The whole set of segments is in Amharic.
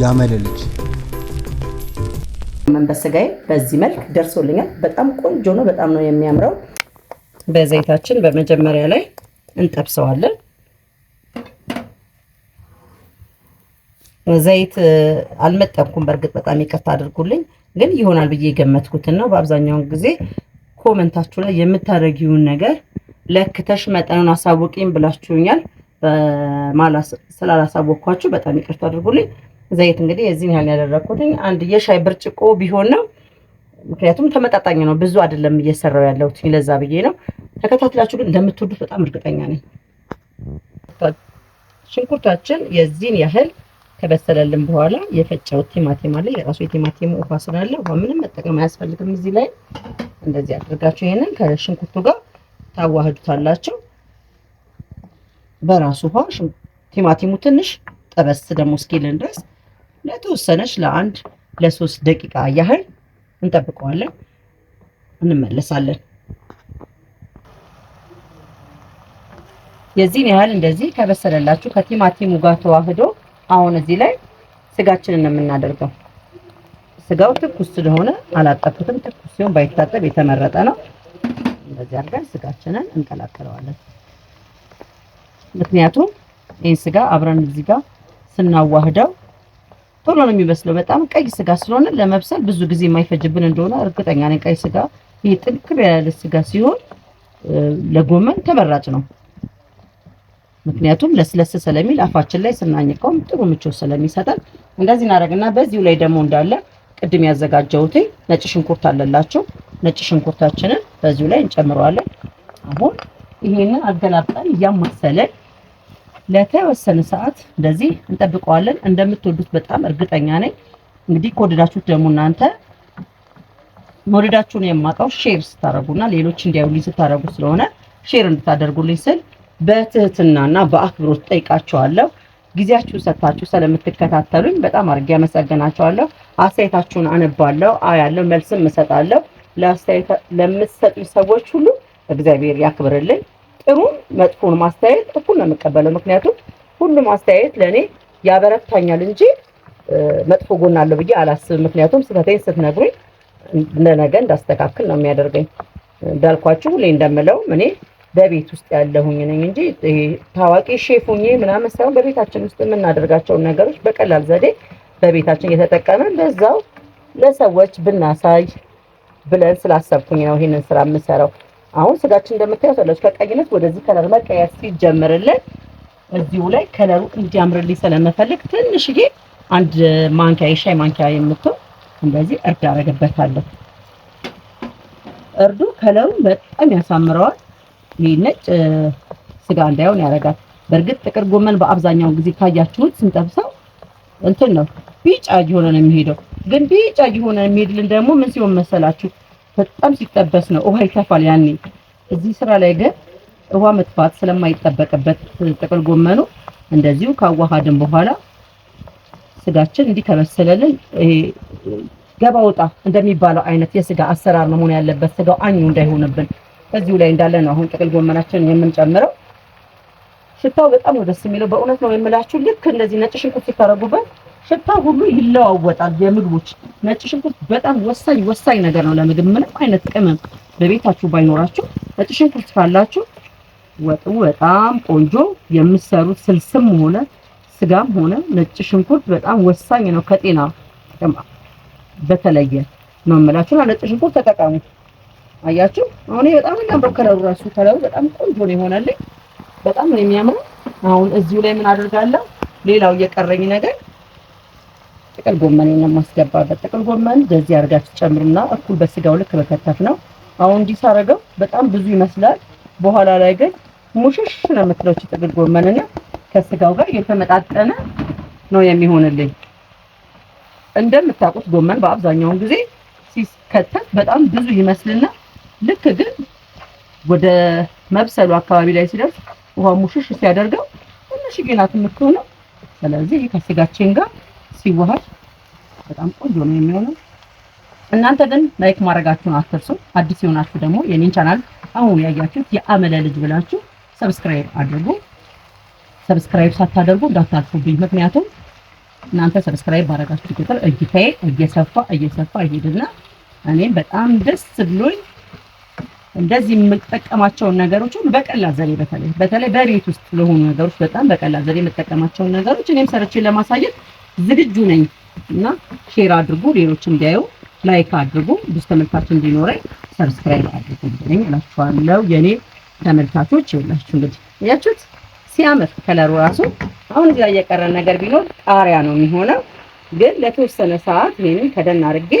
ያመለለች መንበስ ስጋዬ በዚህ መልክ ደርሶልኛል። በጣም ቆንጆ ነው። በጣም ነው የሚያምረው። በዘይታችን በመጀመሪያ ላይ እንጠብሰዋለን። ዘይት አልመጠንኩም። በእርግጥ በጣም ይቅርታ አድርጉልኝ፣ ግን ይሆናል ብዬ የገመትኩትን ነው። በአብዛኛውን ጊዜ ኮመንታችሁ ላይ የምታደርጊውን ነገር ለክተሽ መጠኑን አሳውቂኝ ብላችሁኛል። ስላላሳወቅኳችሁ በጣም ይቅርታ አድርጉልኝ። ዘይት እንግዲህ የዚህን ያህል ያደረግኩትኝ አንድ የሻይ ብርጭቆ ቢሆን ነው። ምክንያቱም ተመጣጣኝ ነው፣ ብዙ አይደለም እየሰራው ያለሁት ለዛ ብዬ ነው። ተከታትላችሁ ግን እንደምትወዱት በጣም እርግጠኛ ነኝ። ሽንኩርታችን የዚህን ያህል ከበሰለልን በኋላ የፈጨው ቲማቲም አለ። የራሱ የቲማቲም ውሃ ስላለ ውሃ ምንም መጠቀም አያስፈልግም። እዚህ ላይ እንደዚህ አድርጋችሁ ይሄንን ከሽንኩርቱ ጋር ታዋህዱታላችሁ። በራሱ ውሃ ቲማቲሙ ትንሽ ጠበስ ደግሞ እስኪልን ድረስ ለተወሰነች ለአንድ ለሶስት ደቂቃ ያህል እንጠብቀዋለን። እንመለሳለን። የዚህን ያህል እንደዚህ ከበሰለላችሁ ከቲማቲሙ ጋር ተዋህዶ አሁን እዚህ ላይ ስጋችንን የምናደርገው ስጋው ትኩስ ስለሆነ አላጠፉትም። ትኩስ ሲሆን ባይታጠብ የተመረጠ ነው። እንደዚህ አድርገን ስጋችንን እንቀላቀለዋለን። ምክንያቱም ይህን ስጋ አብረን እዚህ ጋር ስናዋህደው ቶሎ ነው የሚበስለው። በጣም ቀይ ስጋ ስለሆነ ለመብሰል ብዙ ጊዜ የማይፈጅብን እንደሆነ እርግጠኛ ነኝ። ቀይ ስጋ ይህ ጥንክር ያለ ስጋ ሲሆን ለጎመን ተመራጭ ነው። ምክንያቱም ለስለስ ስለሚል አፋችን ላይ ስናኝቀውም ጥሩ ምቾት ስለሚሰጠን እንደዚህ እናደርግና በዚሁ ላይ ደግሞ እንዳለ ቅድም ያዘጋጀሁት ነጭ ሽንኩርት አለላቸው። ነጭ ሽንኩርታችንን በዚሁ ላይ እንጨምረዋለን። አሁን ይሄንን አገላብጠን እያማሰለን ለተወሰነ ሰዓት እንደዚህ እንጠብቀዋለን። እንደምትወዱት በጣም እርግጠኛ ነኝ። እንግዲህ ከወደዳችሁት ደግሞ እናንተ መውደዳችሁን የማውቀው ሼር ስታደርጉና ሌሎች እንዲያዩልኝ ስታደርጉ ስለሆነ ሼር እንድታደርጉልኝ ስል በትህትናና በአክብሮት ጠይቃችኋለሁ። ጊዜያችሁ ሰጥታችሁ ስለምትከታተሉኝ በጣም አድርጌ አመሰግናችኋለሁ። አስተያየታችሁን አነባለሁ፣ አያለሁ፣ መልስም እሰጣለሁ። ለአስተያየት ለምትሰጡኝ ሰዎች ሁሉ እግዚአብሔር ያክብርልኝ። ጥሩ መጥፎን ማስተያየት እኩል ነው የምቀበለው። ምክንያቱም ሁሉም አስተያየት ለእኔ ያበረታኛል እንጂ መጥፎ ጎን አለው ብዬ አላስብም። ምክንያቱም ስህተቴን ስትነግሩኝ እንደነገ እንዳስተካክል ነው የሚያደርገኝ። እንዳልኳችሁ ሁሌ እንደምለው እኔ በቤት ውስጥ ያለሁኝ ነኝ እንጂ ታዋቂ ሼፉኝ ምናምን ሳይሆን በቤታችን ውስጥ የምናደርጋቸውን ነገሮች በቀላል ዘዴ በቤታችን እየተጠቀመን በዛው ለሰዎች ብናሳይ ብለን ስላሰብኩኝ ነው ይህንን ስራ የምሰራው። አሁን ስጋችን እንደምታዩት አለች ከቀይነት ወደዚህ ከለር መቀየር ሲጀምርልን እዚሁ ላይ ከለሩ እንዲያምርልኝ ስለምፈልግ ትንሽዬ አንድ ማንኪያ የሻይ ማንኪያ የምትሆን እንደዚህ እርድ አደርግበታለሁ። እርዱ ከለሩ በጣም ያሳምረዋል። ይህ ነጭ ስጋ እንዳይሆን ያደርጋል። በእርግጥ ጥቅል ጎመን በአብዛኛው ጊዜ ካያችሁት ስንጠብሰው እንትን ነው ቢጫ እየሆነ ነው የሚሄደው። ግን ቢጫ እየሆነ የሚሄድልን ደግሞ ምን ሲሆን መሰላችሁ በጣም ሲጠበስ ነው ውሃ ይተፋል። ያኔ እዚህ ስራ ላይ ግን ውሃ መጥፋት ስለማይጠበቅበት ጥቅል ጎመኑ እንደዚሁ ካዋሃድን በኋላ ስጋችን እንዲህ ከበሰለልን ገባ ወጣ እንደሚባለው አይነት የስጋ አሰራር ነው መሆን ያለበት። ስጋው አኙ እንዳይሆንብን በዚሁ ላይ እንዳለ ነው አሁን ጥቅል ጎመናችንን የምንጨምረው። ሽታው በጣም ነው ደስ የሚለው። በእውነት ነው የምላችሁ። ልክ እንደዚህ ነጭ ሽንኩርት ሲታረጉበት ሽታ ሁሉ ይለዋወጣል። የምግቦች ነጭ ሽንኩርት በጣም ወሳኝ ወሳኝ ነገር ነው ለምግብ። ምንም አይነት ቅመም በቤታችሁ ባይኖራችሁ ነጭ ሽንኩርት ካላችሁ ወጡ በጣም ቆንጆ የምትሰሩት ስልስም ሆነ ስጋም ሆነ ነጭ ሽንኩርት በጣም ወሳኝ ነው ከጤና ጥቅም በተለየ ነው የምላችሁና ነጭ ሽንኩርት ተጠቀሙ። አያችሁ አሁን በጣም የሚያምረው ከለሩ ራሱ ከለሩ በጣም ቆንጆ ነው የሆነልኝ። በጣም ነው የሚያምረው። አሁን እዚሁ ላይ ምን አደርጋለሁ? ሌላው የቀረኝ ነገር ጥቅል ጎመን የማስገባበት ጥቅል ጎመን በዚህ አድርጋችሁ ጨምሩና እኩል በስጋው ልክ በከተፍ ነው። አሁን እንዲህ ሳደርገው በጣም ብዙ ይመስላል። በኋላ ላይ ግን ሙሽሽ ነው የምትለው ጥቅል ጎመንና ከስጋው ጋር የተመጣጠነ ነው የሚሆንልኝ። እንደምታውቁት ጎመን በአብዛኛውን ጊዜ ሲከተፍ በጣም ብዙ ይመስልና ልክ ግን ወደ መብሰሉ አካባቢ ላይ ሲደርስ ውሃ ሙሽሽ ሲያደርገው ትንሽዬ ናት የምትሆነው። ስለዚህ ከስጋችን ጋር ሲዋሃድ በጣም ቆንጆ ነው የሚሆነው። እናንተ ግን ላይክ ማድረጋችሁን አትርሱ። አዲስ የሆናችሁ ደግሞ የኔን ቻናል አሁን ያያችሁት የአመለ ልጅ ብላችሁ ሰብስክራይብ አድርጉ። ሰብስክራይብ ሳታደርጉ እንዳታልፉብኝ፣ ምክንያቱም እናንተ ሰብስክራይብ ባደረጋችሁ ቁጥር እይታዬ እየሰፋ እየሰፋ ይሄድና እኔም በጣም ደስ ብሎኝ እንደዚህ የምጠቀማቸውን ነገሮች ሁሉ በቀላል ዘዴ በተለይ በተለይ በቤት ውስጥ ለሆኑ ነገሮች በጣም በቀላል ዘዴ የምጠቀማቸውን ነገሮች እኔም ሰርቼ ለማሳየት ዝግጁ ነኝ እና ሼር አድርጉ፣ ሌሎች እንዲያዩ ላይክ አድርጉ፣ ብዙ ተመልካች እንዲኖረኝ ሰብስክራይብ አድርጉልኝ እላችኋለሁ። የኔ ተመልካቾች ይኸውላችሁ እንግዲህ እያችሁት ሲያምር ከለሩ ራሱ አሁን እዚህ ላይ ነገር ቢኖር ቃሪያ ነው የሚሆነው። ግን ለተወሰነ ሰዓት ይሄንን ከደን አድርጌ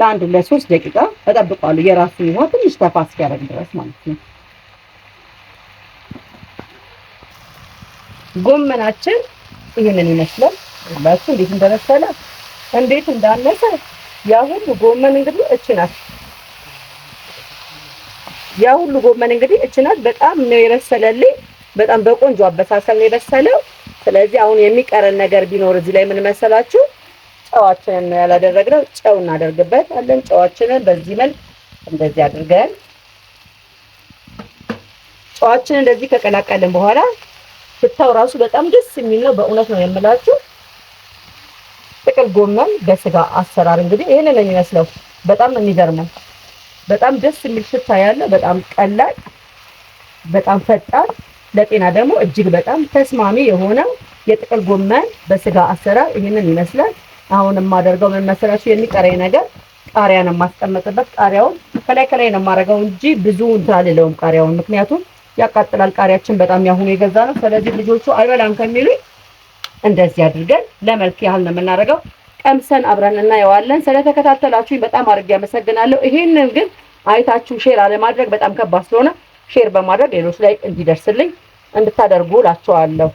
ለአንድ ለሶስት ደቂቃ እጠብቀዋለሁ። የራሱ ውሃ ትንሽ ተፋ እስኪያደርግ ድረስ ማለት ነው። ጎመናችን ይህንን ይመስላል። ሁላችሁ እንዴት እንደበሰለ እንዴት እንዳነሰ ያ ሁሉ ጎመን እንግዲህ እች ናት። ያ ሁሉ ጎመን እንግዲህ እች ናት። በጣም ነው የበሰለልኝ። በጣም በቆንጆ አበሳሰል ነው የበሰለው። ስለዚህ አሁን የሚቀረን ነገር ቢኖር እዚህ ላይ ምን መሰላችሁ? ጨዋችንን ነው ያላደረግነው። ጨው እናደርግበት አለን። ጨዋችንን በዚህ መልክ እንደዚህ አድርገን ጨዋችንን እንደዚህ ከቀላቀልን በኋላ ስታው ራሱ በጣም ደስ የሚል ነው። በእውነት ነው የምላችሁ ጎመን በስጋ አሰራር እንግዲህ ይሄንን ነው የሚመስለው። በጣም የሚገርመው በጣም ደስ የሚል ሽታ ያለ በጣም ቀላል፣ በጣም ፈጣን፣ ለጤና ደግሞ እጅግ በጣም ተስማሚ የሆነ የጥቅል ጎመን በስጋ አሰራር ይህንን ይመስላል። አሁን የማደርገው ምን መሰላችሁ? የሚቀረኝ ነገር ቃሪያ ነው የማስቀመጥበት። ቃሪያውን ከላይ ከላይ ነው የማደርገው እንጂ ብዙ አልለውም ቃሪያውን፣ ምክንያቱም ያቃጥላል። ቃሪያችን በጣም ያሁኑ የገዛ ነው። ስለዚህ ልጆቹ አይበላም ከሚሉኝ እንደዚህ አድርገን ለመልክ ያህል ነው የምናደርገው። ቀምሰን አብረን እናየዋለን። ስለተከታተላችሁኝ በጣም አድርጌ አመሰግናለሁ። ይሄንን ግን አይታችሁ ሼር አለማድረግ በጣም ከባድ ስለሆነ ሼር በማድረግ ሌሎች ላይ እንዲደርስልኝ እንድታደርጉ እላችኋለሁ።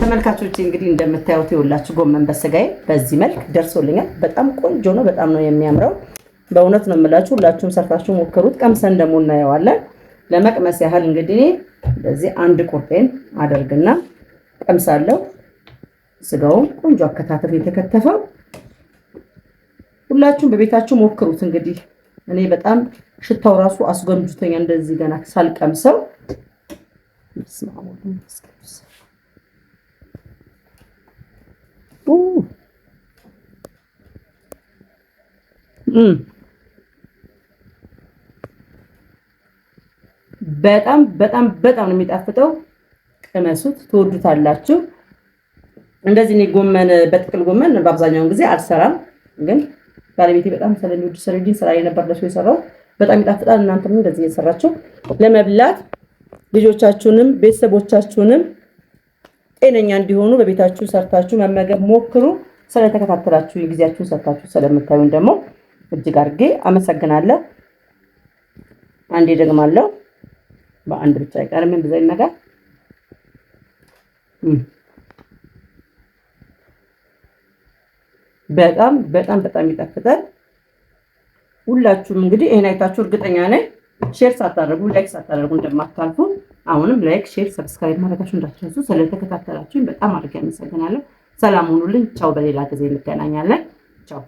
ተመልካቾች እንግዲህ እንደምታዩት የሁላችሁ ጎመን በስጋዬ በዚህ መልክ ደርሶልኛል። በጣም ቆንጆ ነው። በጣም ነው የሚያምረው። በእውነት ነው የምላችሁ። ሁላችሁም ሰርታችሁ ሞክሩት። ቀምሰን ደግሞ እናየዋለን። ለመቅመስ ያህል እንግዲህ እንደዚህ አንድ ቁርጤን አደርግና ቀምሳለሁ። ስጋውም ቆንጆ አከታተፍ የተከተፈው ሁላችሁም በቤታችሁ ሞክሩት። እንግዲህ እኔ በጣም ሽታው ራሱ አስጎምጅቶኛ እንደዚህ ገና ሳልቀምሰው በጣም በጣም በጣም ነው የሚጣፍጠው። ቅመሱት፣ ትወዱታላችሁ። እንደዚህ እኔ ጎመን በጥቅል ጎመን በአብዛኛውን ጊዜ አልሰራም ግን ባለቤቴ በጣም ስለሚወድ ሰርጅን ስራ የነበር ለሱ የሰራው በጣም ይጣፍጣል። እናንተም እንደዚህ እየሰራችሁ ለመብላት ልጆቻችሁንም ቤተሰቦቻችሁንም ጤነኛ እንዲሆኑ በቤታችሁ ሰርታችሁ መመገብ ሞክሩ። ስለተከታተላችሁ ጊዜያችሁን ሰርታችሁ ስለምታዩን ደግሞ እጅግ አድርጌ አመሰግናለሁ። አንዴ ደግማለሁ። በአንድ ብቻ አይቀርም ብዛይ ነገር በጣም በጣም በጣም ይጣፍጣል። ሁላችሁም እንግዲህ ይሄን አይታችሁ እርግጠኛ ነኝ ሼር ሳታደርጉ ላይክ ሳታደርጉ እንደማታልፉ። አሁንም ላይክ፣ ሼር፣ ሰብስክራይብ ማድረጋችሁ እንዳትረሱ። ስለተከታተላችሁኝ በጣም አድርጌ አመሰግናለሁ። ሰላም ሁኑልኝ። ቻው። በሌላ ጊዜ እንገናኛለን። ቻው።